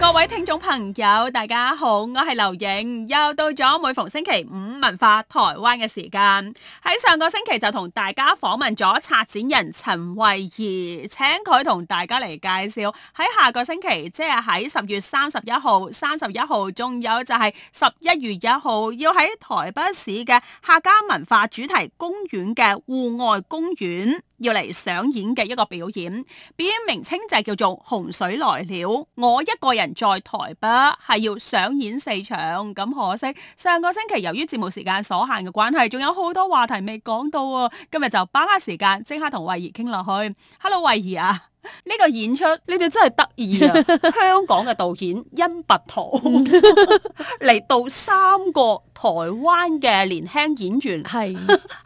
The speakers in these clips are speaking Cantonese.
各位聽眾朋友，大家好，我係劉影，又到咗每逢星期五文化台灣嘅時間。喺上個星期就同大家訪問咗策展人陳惠儀，請佢同大家嚟介紹。喺下個星期，即係喺十月三十一號、三十一號，仲有就係十一月一號，要喺台北市嘅客家文化主題公園嘅戶外公園，要嚟上演嘅一個表演，表演名稱就叫做《洪水來了》，我一個人在台北，係要上演四場。咁可惜上個星期由於節目時間所限嘅關係，仲有好多話題未講到喎、啊。今日就把握時間，即刻同惠儀傾落去。Hello，惠儀啊！呢個演出，呢對真係得意啊！ 香港嘅導演甄拔濤嚟 到三個台灣嘅年輕演員，係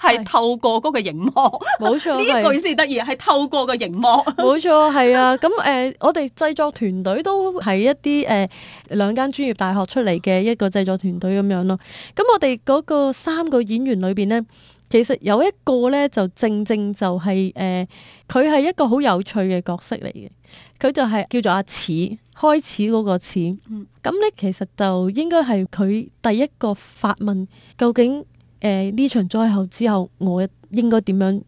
係 透過嗰個熒幕，冇錯呢句先得意，係 透過個熒幕，冇錯係啊！咁誒、呃，我哋製作團隊都係一啲誒兩間專業大學出嚟嘅一個製作團隊咁樣咯。咁我哋嗰個三個演員裏邊咧。其實有一個咧，就正正就係、是、誒，佢、呃、係一個好有趣嘅角色嚟嘅。佢就係叫做阿始，開始嗰個始。咁咧、嗯，其實就應該係佢第一個發問，究竟誒呢、呃、場災後之後，我應該點樣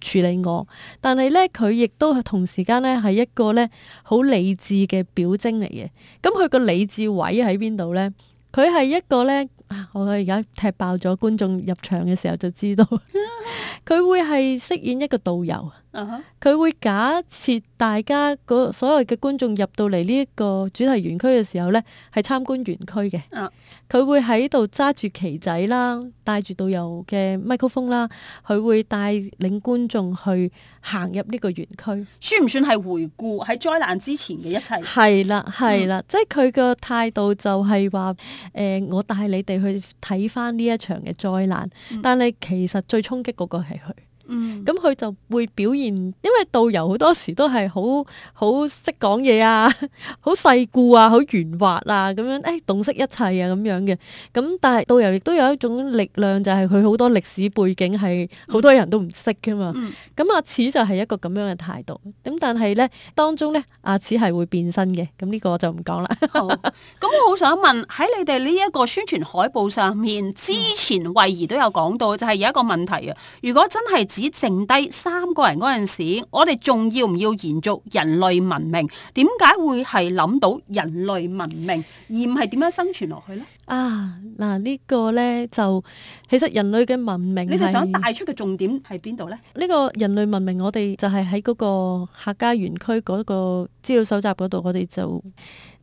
去處理我？但係咧，佢亦都係同時間咧係一個咧好理智嘅表徵嚟嘅。咁佢個理智位喺邊度咧？佢係一個咧。我而家踢爆咗觀眾入場嘅時候就知道， 佢會係飾演一個導遊，佢、uh huh. 會假設大家所有嘅觀眾入到嚟呢一個主題園區嘅時候呢，係參觀園區嘅。Uh huh. 佢會喺度揸住旗仔啦，帶住導遊嘅麥克風啦，佢會帶領觀眾去行入呢個園區，算唔算係回顧喺災難之前嘅一切？係啦，係啦，嗯、即係佢嘅態度就係、是、話，誒、呃，我帶你哋去睇返呢一場嘅災難，嗯、但係其實最衝擊嗰個係佢。嗯，咁佢就會表現，因為導遊好多時都係好好識講嘢啊，好世 故啊，好圓滑啊，咁樣，誒、哎，洞悉一切啊，咁樣嘅。咁但係導遊亦都有一種力量，就係佢好多歷史背景係好多人都唔識噶嘛。咁、嗯嗯、阿始就係一個咁樣嘅態度。咁但係咧，當中咧，阿始係會變身嘅。咁、這、呢個就唔講啦。咁好 我好想問喺你哋呢一個宣傳海報上面，之前惠儀都有講到，就係、是、有一個問題啊。如果真係只剩低三個人嗰陣時，我哋仲要唔要延續人類文明？點解會係諗到人類文明而唔係點樣生存落去呢？啊，嗱，呢個呢，就其實人類嘅文明，你哋想帶出嘅重點係邊度呢？呢個人類文明，我哋就係喺嗰個客家園區嗰個資料搜集嗰度，我哋就。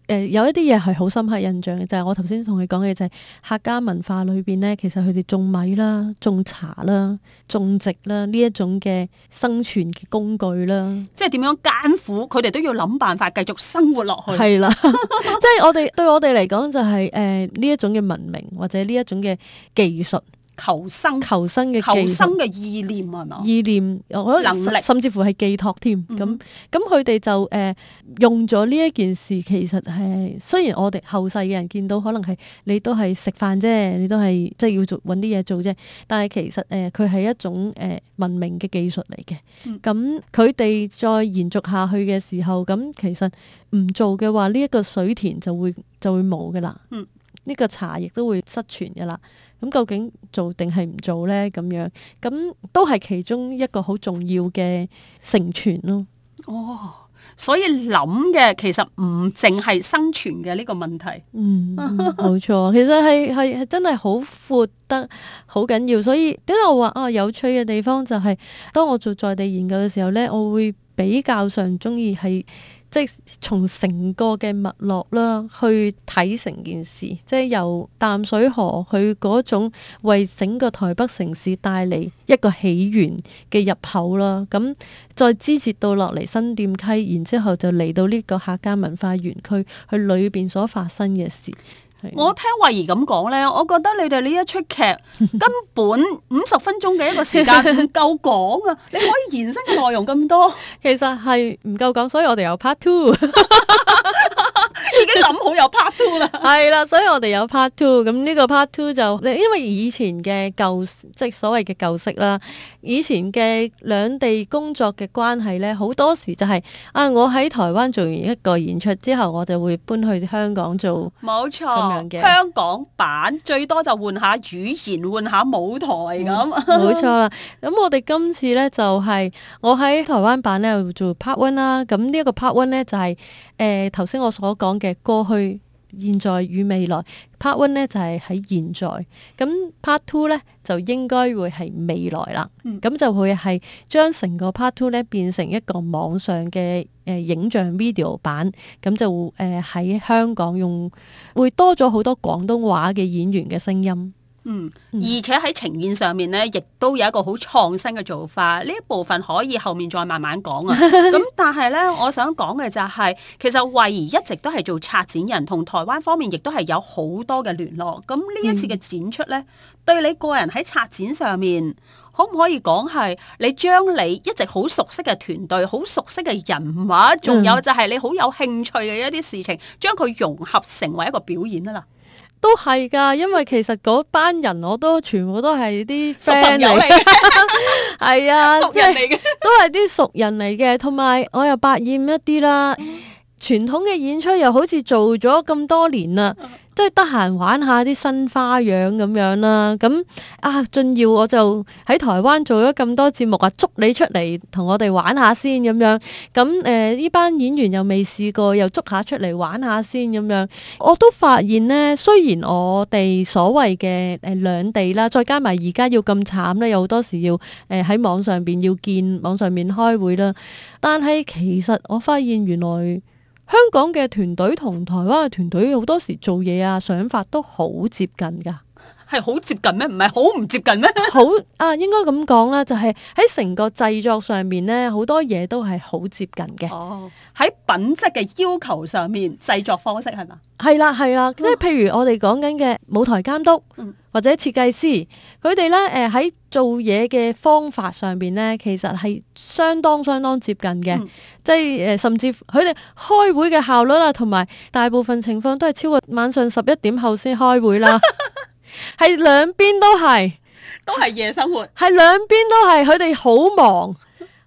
誒、呃、有一啲嘢係好深刻印象嘅，就係、是、我頭先同你講嘅，就係、是、客家文化裏邊咧，其實佢哋種米啦、種茶啦、種植啦呢一種嘅生存嘅工具啦，即係點樣艱苦，佢哋都要諗辦法繼續生活落去。係啦 是的，即 係我哋對我哋嚟講就係誒呢一種嘅文明或者呢一種嘅技術。求生、求生嘅、求生嘅意念係咪啊？是是意念我諗，能力甚至乎係寄託添。咁咁佢哋就誒、呃、用咗呢一件事，其實係雖然我哋後世嘅人見到可能係你都係食飯啫，你都係即係要做搵啲嘢做啫。但係其實誒，佢、呃、係一種誒、呃、文明嘅技術嚟嘅。咁佢哋再延續下去嘅時候，咁其實唔做嘅話，呢、這、一個水田就會就會冇噶啦。呢個茶亦都會失傳噶啦。咁究竟做定係唔做呢？咁樣，咁都係其中一個好重要嘅生存咯。哦，所以諗嘅其實唔淨係生存嘅呢、這個問題。 嗯，冇錯，其實係係真係好闊得好緊要。所以點解我話啊，有趣嘅地方就係、是、當我做在地研究嘅時候呢，我會比較上中意係。即係從成個嘅脈絡啦，去睇成件事，即係由淡水河去嗰種為整個台北城市帶嚟一個起源嘅入口啦。咁再支節到落嚟新店溪，然之後就嚟到呢個客家文化園區去裏邊所發生嘅事。 我聽惠儀咁講呢，我覺得你哋呢一齣劇根本五十分鐘嘅一個時間唔夠講啊！你可以延伸嘅內容咁多， 其實係唔夠講，所以我哋有 part two。 已經諗好有 part two 啦，係啦， 所以我哋有 part two。咁呢個 part two 就，因為以前嘅舊，即係所謂嘅舊式啦。以前嘅兩地工作嘅關係呢，好多時就係、是、啊，我喺台灣做完一個演出之後，我就會搬去香港做，冇錯，香港版最多就換下語言，換下舞台咁。冇、 嗯、錯啦。咁我哋今次呢就係、是、我喺台灣版呢做 part one 啦。咁呢個 part one 呢就係、是。誒頭先我所講嘅過去、現在與未來，part one 咧就係喺現在，咁 part two 咧就應該會係未來啦。咁、嗯、就會係將成個 part two 咧變成一個網上嘅誒影像 video 版，咁就誒喺香港用，會多咗好多廣東話嘅演員嘅聲音。嗯，而且喺呈現上面咧，亦都有一個好創新嘅做法。呢一部分可以後面再慢慢講啊。咁 但係咧，我想講嘅就係、是，其實惠儀一直都係做策展人，同台灣方面亦都係有好多嘅聯絡。咁呢一次嘅展出咧，嗯、對你個人喺策展上面，可唔可以講，係你將你一直好熟悉嘅團隊、好熟悉嘅人物，仲有就係你好有興趣嘅一啲事情，將佢融合成為一個表演啊啦。都係噶，因為其實嗰班人我都全部都係啲 friend 嚟嘅，係啊，即係都係啲熟人嚟嘅，同埋我又百厭一啲啦。傳統嘅演出又好似做咗咁多年啦。即係得閒玩下啲新花樣咁樣啦，咁啊俊耀我就喺台灣做咗咁多節目啊，捉你出嚟同我哋玩下先咁樣，咁誒呢班演員又未試過，又捉下出嚟玩下先咁樣，我都發現呢，雖然我哋所謂嘅誒兩地啦，再加埋而家要咁慘咧，有好多時要誒喺、呃、網上邊要見網上面開會啦，但係其實我發現原來。香港嘅團隊同台灣嘅團隊好多時做嘢啊，想法都好接近㗎。係好接近咩？唔係好唔接近咩？好啊，應該咁講啦，就係喺成個製作上面咧，好多嘢都係好接近嘅。哦，喺品質嘅要求上面，製作方式係咪？係啦，係啦，即係、哦、譬如我哋講緊嘅舞台監督，或者設計師，佢哋咧誒喺做嘢嘅方法上邊咧，其實係相當相當接近嘅。嗯、即係誒，甚至佢哋開會嘅效率啊，同埋大部分情況都係超過晚上十一點後先開會啦。 係兩邊都係，都係夜生活，係兩邊都係，佢哋好忙，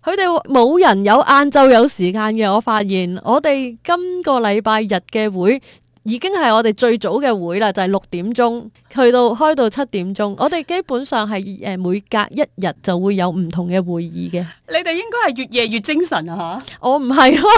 佢哋冇人有晏晝有時間嘅。我發現我哋今個禮拜日嘅會。已經係我哋最早嘅會啦，就係六點鐘去到開到七點鐘。我哋基本上係誒每隔一日就會有唔同嘅會議嘅。你哋應該係越夜越精神啊吓。我唔係咯，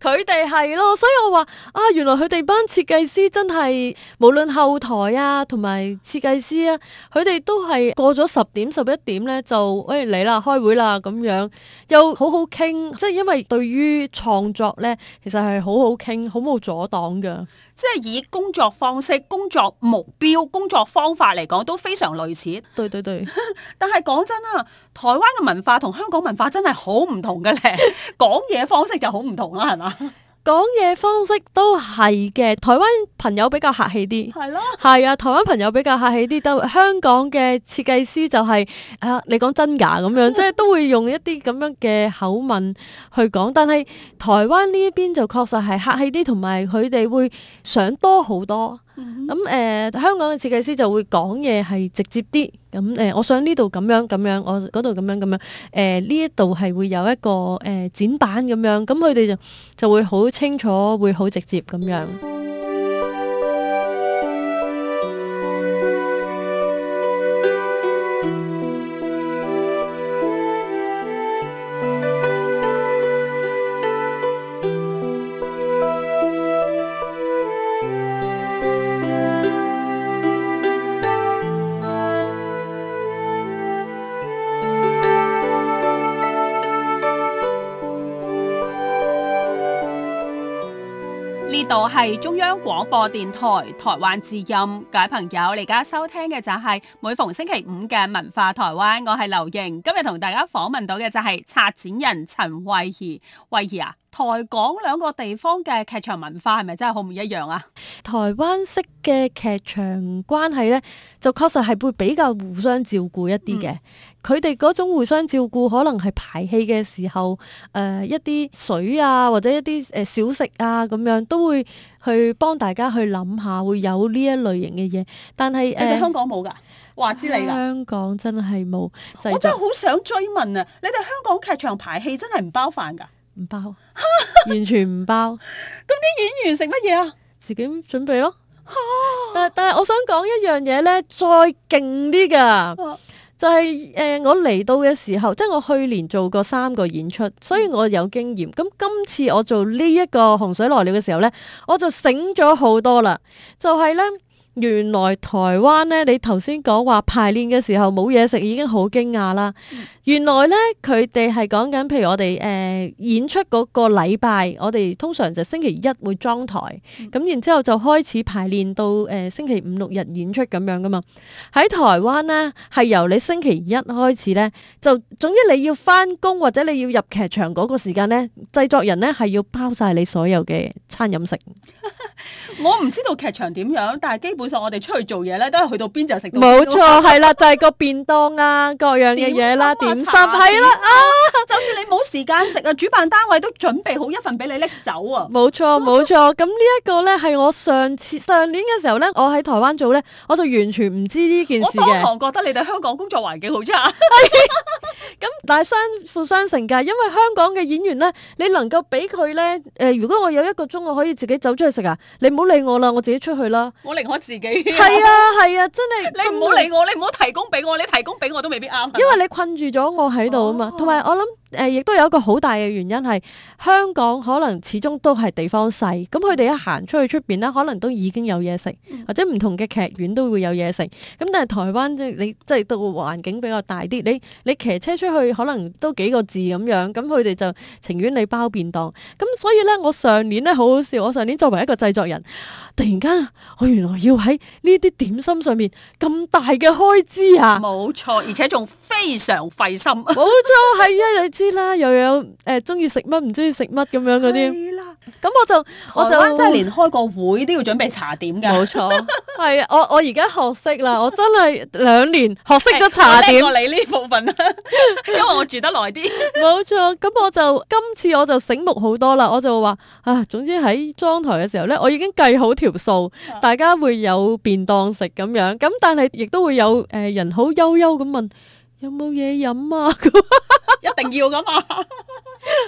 佢哋係咯，所以我話啊，原來佢哋班設計師真係無論後台啊，同埋設計師啊，佢哋都係過咗十點、十一點咧就喂，嚟啦，開會啦咁樣又好好傾，即係因為對於創作咧，其實係好好傾，好冇阻。檔即係以工作方式、工作目標、工作方法嚟講都非常類似。對對對， 但係講真啊，台灣嘅文化同香港文化真係好唔同嘅咧，講嘢 方式就好唔同啦，係嘛。講嘢方式都係嘅，台灣朋友比較客氣啲，係咯，係啊，台灣朋友比較客氣啲，都香港嘅設計師就係、是、啊，你講真假咁樣， 即係都會用一啲咁樣嘅口吻去講，但係台灣呢一邊就確實係客氣啲，同埋佢哋會想多好多。咁誒、嗯嗯呃，香港嘅設計師就會講嘢係直接啲。咁、嗯、誒、呃，我想呢度咁樣咁樣，我嗰度咁樣咁樣。誒呢一度係會有一個誒、呃、展板咁樣。咁佢哋就就會好清楚，會好直接咁樣。度係中央廣播電台台灣之音」。各位朋友，你而家收聽嘅就係每逢星期五嘅文化台灣，我係劉盈，今日同大家訪問到嘅就係策展人陳惠儀，惠儀啊。台港兩個地方嘅劇場文化係咪真係好唔一樣啊？台灣式嘅劇場關係呢，就確實係會比較互相照顧一啲嘅。佢哋嗰種互相照顧，可能係排戲嘅時候，誒、呃、一啲水啊，或者一啲誒小食啊，咁樣都會去幫大家去諗下，會有呢一類型嘅嘢。但係誒，呃、香港冇噶，話之你啦，香港真係冇。就是、我真係好想追問啊！你哋香港劇場排戲真係唔包飯噶？唔包，完全唔包。咁啲演員食乜嘢啊？自己準備咯。 但但係我想講一樣嘢咧，再勁啲噶， 就係、是、誒、呃，我嚟到嘅時候，即係我去年做過三個演出，所以我有經驗。咁今次我做呢一個洪水來了嘅時候呢，我就醒咗好多啦。就係、是、呢。原來台灣咧，你頭先講話排練嘅時候冇嘢食已經好驚訝啦。原來咧佢哋係講緊譬如我哋誒、呃、演出嗰個禮拜，我哋通常就星期一會裝台，咁、嗯、然之後就開始排練到誒、呃、星期五六日演出咁樣噶嘛。喺台灣咧，係由你星期一開始咧，就總之你要返工或者你要入劇場嗰個時間咧，製作人咧係要包晒你所有嘅餐飲食。 我唔知道劇場點樣，但係基本。我哋出去做嘢咧，都係去到邊就食到。冇錯，係啦，就係個便當啊，各樣嘅嘢啦，點心係啦啊！就算你冇時間食啊，主辦單位都準備好一份俾你拎走啊！冇錯，冇錯。咁呢一個咧係我上次上年嘅時候咧，我喺台灣做咧，我就完全唔知呢件事嘅。我當堂覺得你哋香港工作環境好差。係。咁但係相輔相成㗎，因為香港嘅演員咧，你能夠俾佢咧，誒，如果我有一個鐘，我可以自己走出去食啊，你唔好理我啦，我自己出去啦。我寧可自係 啊，係啊，真係。你唔好理我， 你唔好提供俾我，你提供俾我都未必啱，因為你困住咗我喺度啊嘛，同埋、哦、我諗。誒，亦都有一個好大嘅原因係香港可能始終都係地方細，咁佢哋一行出去出邊呢可能都已經有嘢食，或者唔同嘅劇院都會有嘢食。咁但係台灣即係你即係個環境比較大啲，你你騎車出去可能都幾個字咁樣，咁佢哋就情願你包便當。咁所以呢，我上年呢，好好笑，我上年作為一個製作人，突然間我原來要喺呢啲點心上面咁大嘅開支啊，冇錯，而且仲非常費心，冇錯係啊。知啦，又有誒中意食乜，唔中意食乜咁樣嗰啲。係啦的，咁我就我就啱真係連開個會都要準備茶點㗎。冇錯，係啊！ 我我而家學識啦， 我真係兩年學識咗茶點。欸、我叻過你呢部分啦， 因為我住得耐啲。冇錯，咁我就今次我就醒目好多啦，我就話啊，總之喺裝台嘅時候咧，我已經計好條數，大家會有便當食咁樣，咁但係亦都會有誒人好悠悠咁問。有冇嘢飲啊？一定要噶嘛？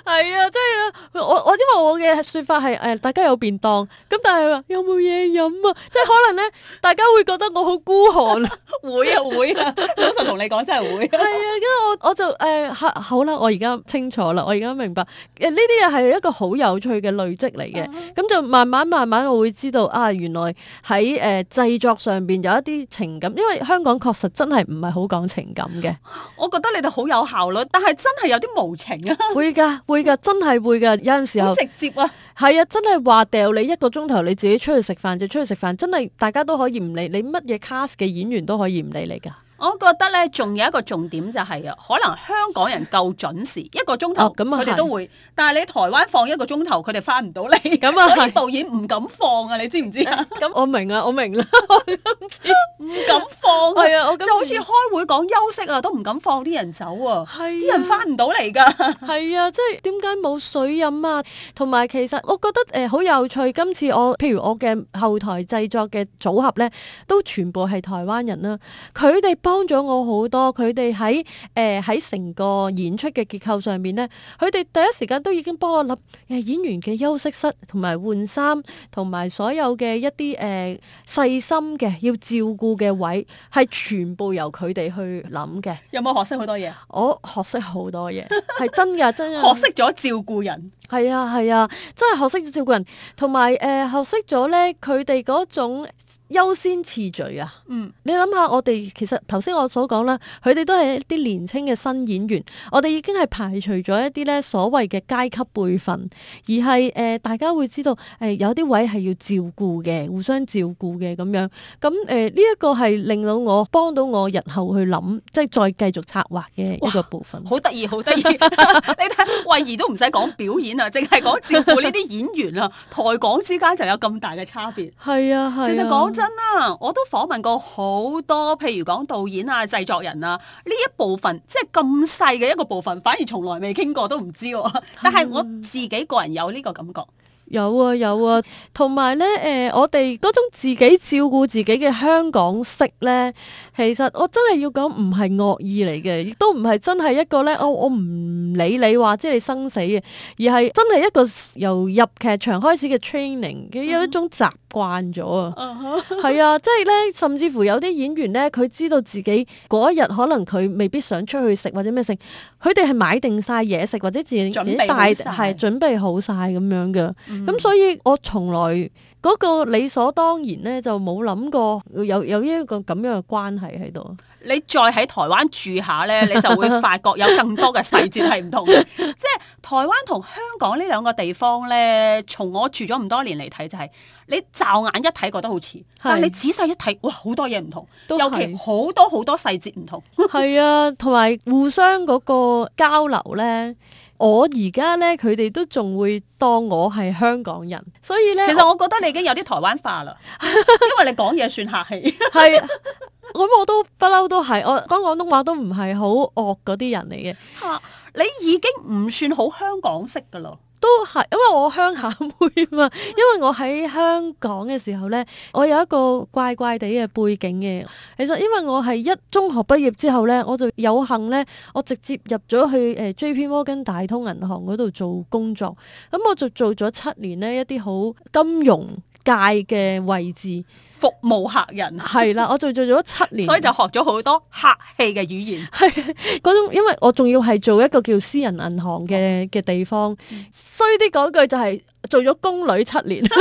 係啊，即、就、係、是、我我因為我嘅說法係誒，大家有便當咁，但係話有冇嘢飲啊？ 即係可能咧，大家會覺得我好孤寒 啊？會啊會啊，老實同你講真係會。係啊，因為我我就誒、呃，好啦，我而家清楚啦，我而家明白誒，呢啲嘢係一個好有趣嘅累積嚟嘅。咁、啊、就慢慢慢慢，我會知道啊，原來喺誒製作上邊有一啲情感，因為香港確實真係唔係好講情感嘅。 我覺得你哋好有效率，但係真係有啲無情啊！ 會噶，會噶，真係會噶。有陣時候直接啊！係啊，真係話掉你一個鐘頭，你自己出去食飯就出去食飯，真係大家都可以唔理你，乜嘢 cast 嘅演員都可以唔理你噶。我覺得咧，仲有一個重點就係、是、啊，可能香港人夠準時一個鐘頭咁啊，佢哋都會。但係你台灣放一個鐘頭，佢哋翻唔到嚟，咁啊，啲導演唔敢放啊！你知唔知啊？咁我明啊，我明啦，唔敢放係啊！啊我就好似開會講休息啊，都唔敢放啲人走喎，啲人翻唔到嚟㗎。係 啊，即係點解冇水飲啊？同埋其實我覺得誒好、呃、有趣，今次我譬如我嘅後台製作嘅組合咧，都全部係台灣人啦，佢哋。幫咗我好多，佢哋喺誒喺成個演出嘅結構上面咧，佢哋第一時間都已經幫我諗誒演員嘅休息室同埋換衫，同埋所有嘅一啲誒細心嘅要照顧嘅位，係全部由佢哋去諗嘅。有冇學識好多嘢？我學識好多嘢，係 真㗎，真。學識咗照顧人。係啊係啊，真係學識照顧人，同埋誒學識咗咧佢哋嗰種優先次序啊。嗯，你諗下，我哋其實頭先我所講啦，佢哋都係一啲年輕嘅新演員，我哋已經係排除咗一啲咧所謂嘅階級輩分，而係誒大家會知道誒有啲位係要照顧嘅，互相照顧嘅咁樣。咁誒呢一個係令到我幫到我日後去諗，即係再繼續策劃嘅一個部分。好得意，好得意！你睇惠儀都唔使講表演。嗱，淨係講照顧呢啲演員啊， 台港之間就有咁大嘅差別，係 啊，係啊。其實講真啦，我都訪問過好多，譬如講導演啊、製作人啊，呢一部分即係咁細嘅一個部分，反而從來未傾過都唔知啊。但係我自己個人有呢個感覺。 有啊有啊，同埋咧，誒、呃，我哋嗰種自己照顧自己嘅香港式咧，其實我真係要講唔係惡意嚟嘅，亦都唔係真係一個咧、哦，我我唔理你話知你生死嘅，而係真係一個由入劇場開始嘅 training，佢有一種習慣咗啊，係、uh huh. 啊，即係咧，甚至乎有啲演員咧，佢知道自己嗰一日可能佢未必想出去食或者咩食，佢哋係買定晒嘢食或者自己準備大，晒，係準備好晒咁樣嘅。咁、嗯、所以我從來嗰個理所當然咧，就冇諗過有有一個咁樣嘅關係喺度。你再喺台灣住下呢，你就會發覺有更多嘅細節係唔同嘅。 即係台灣同香港呢兩個地方呢，從我住咗咁多年嚟睇、就係，就係你驟眼一睇覺得好似，但你仔細一睇，哇，好多嘢唔同，都是尤其好多好多細節唔同。係啊，同埋互相嗰個交流呢。我而家呢，佢哋都仲會當我係香港人，所以呢，其實我覺得你已經有啲台灣化啦， 因為你講嘢算客氣。係 啊，咁我都不嬲都係，我講廣東話都唔係好惡嗰啲人嚟嘅。嚇、啊，你已經唔算好香港式噶咯。都係，因為我鄉下妹啊嘛，因為我喺香港嘅時候呢，我有一個怪怪哋嘅背景嘅。其實因為我係一中學畢業之後呢，我就有幸呢，我直接入咗去誒 JP Morgan 大通銀行嗰度做工作。咁、嗯、我就做咗七年呢，一啲好金融界嘅位置。服務客人係啦，我做做咗七年， 所以就學咗好多客氣嘅語言。係嗰種，因為我仲要係做一個叫私人銀行嘅嘅地方，衰啲講句就係做咗宮女七年。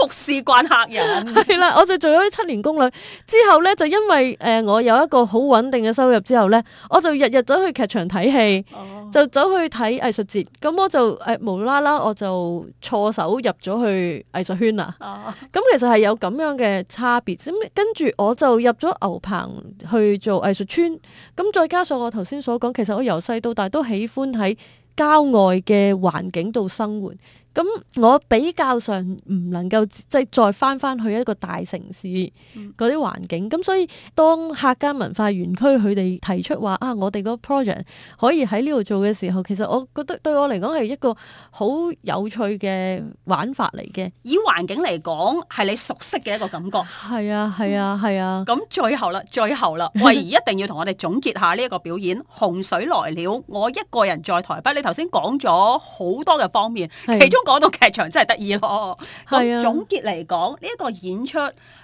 服侍慣客人，係啦， 我就做咗七年工女之後呢，就因為誒我有一個好穩定嘅收入之後呢，我就日日走去劇場睇戲，哦、就走去睇藝術節，咁我就誒無啦啦我就錯手入咗去藝術圈啦。哦，咁其實係有咁樣嘅差別。跟住我就入咗牛棚去做藝術村。咁再加上我頭先所講，其實我由細到大都喜歡喺郊外嘅環境度生活。咁我比較上唔能夠即係再翻翻去一個大城市啲環境，咁、嗯、所以當客家文化園區佢哋提出話啊，我哋個 project 可以喺呢度做嘅時候，其實我覺得對我嚟講係一個好有趣嘅玩法嚟嘅。以環境嚟講係你熟悉嘅一個感覺，係、嗯、啊，係啊，係啊。咁、嗯、最後啦，最後啦，惠儀一定要同我哋總結下呢一個表演。 洪水來了，我一個人在台北。你頭先講咗好多嘅方面，啊、其中。講到劇場真係得意咯。咁、啊、總結嚟講，呢、這、一個演出，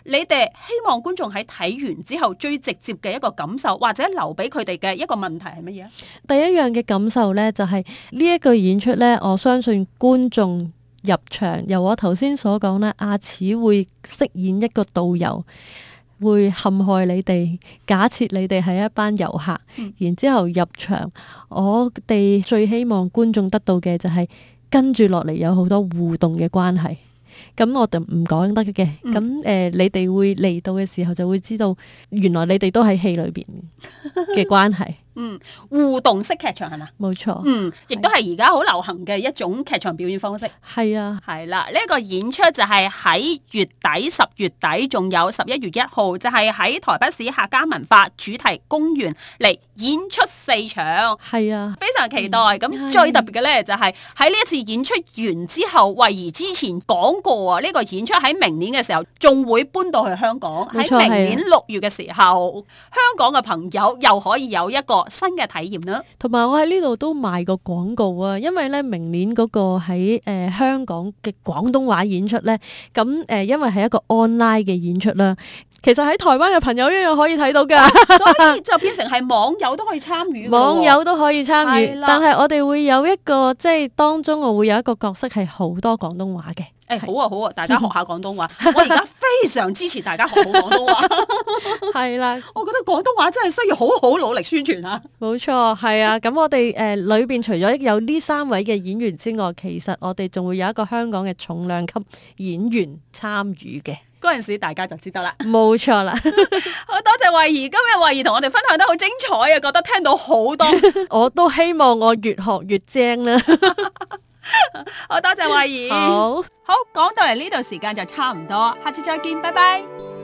你哋希望觀眾喺睇完之後最直接嘅一個感受，或者留俾佢哋嘅一個問題係乜嘢啊？第一樣嘅感受呢，就係呢一個演出呢。我相信觀眾入場，由我頭先所講呢，阿始會飾演一個導遊，會陷害你哋。假設你哋係一班遊客，嗯、然之後入場，我哋最希望觀眾得到嘅就係、是。跟住落嚟有好多互動嘅關係，咁我就唔講得嘅。咁誒、嗯呃，你哋會嚟到嘅時候就會知道，原來你哋都喺戲裏邊嘅關係。 嗯，互動式劇場係嘛？冇錯。錯嗯，亦都係而家好流行嘅一種劇場表演方式。係啊，係啦，呢、這個演出就係喺月底、十月底，仲有十一月一號，就係、是、喺台北市客家文化主題公園嚟演出四場。係啊，非常期待。咁、嗯、最特別嘅呢，就係喺呢一次演出完之後，惠、哎、儀之前講過啊，呢、這個演出喺明年嘅時候仲會搬到去香港。喺錯明年六月嘅時候，的香港嘅朋友又可以有一個。新嘅體驗咯，同埋我喺呢度都賣個廣告啊，因為咧明年嗰個喺誒、呃、香港嘅廣東話演出咧，咁、呃、誒因為係一個 online 嘅演出啦。其實喺台灣嘅朋友一樣可以睇到噶、 哦，所以就變成係網友都可以參與。網友都可以參與，的但係我哋會有一個即係、就是、當中我會有一個角色係好多廣東話嘅。誒、欸，的好啊，好啊，大家學下廣東話。 我而家非常支持大家學好廣東話。係 啦的，我覺得廣東話真係需要好好努力宣傳啊。冇錯，係啊。咁我哋誒裏邊除咗有呢三位嘅演員之外，其實我哋仲會有一個香港嘅重量級演員參與嘅。嗰陣時大家就知道錯啦 冇錯啦，好多謝惠儀，今日惠儀同我哋分享得好精彩啊，覺得聽到好多， 我都希望我越學越精啦， 好多謝惠儀，好，好講到嚟呢度時間就差唔多，下次再見，拜拜。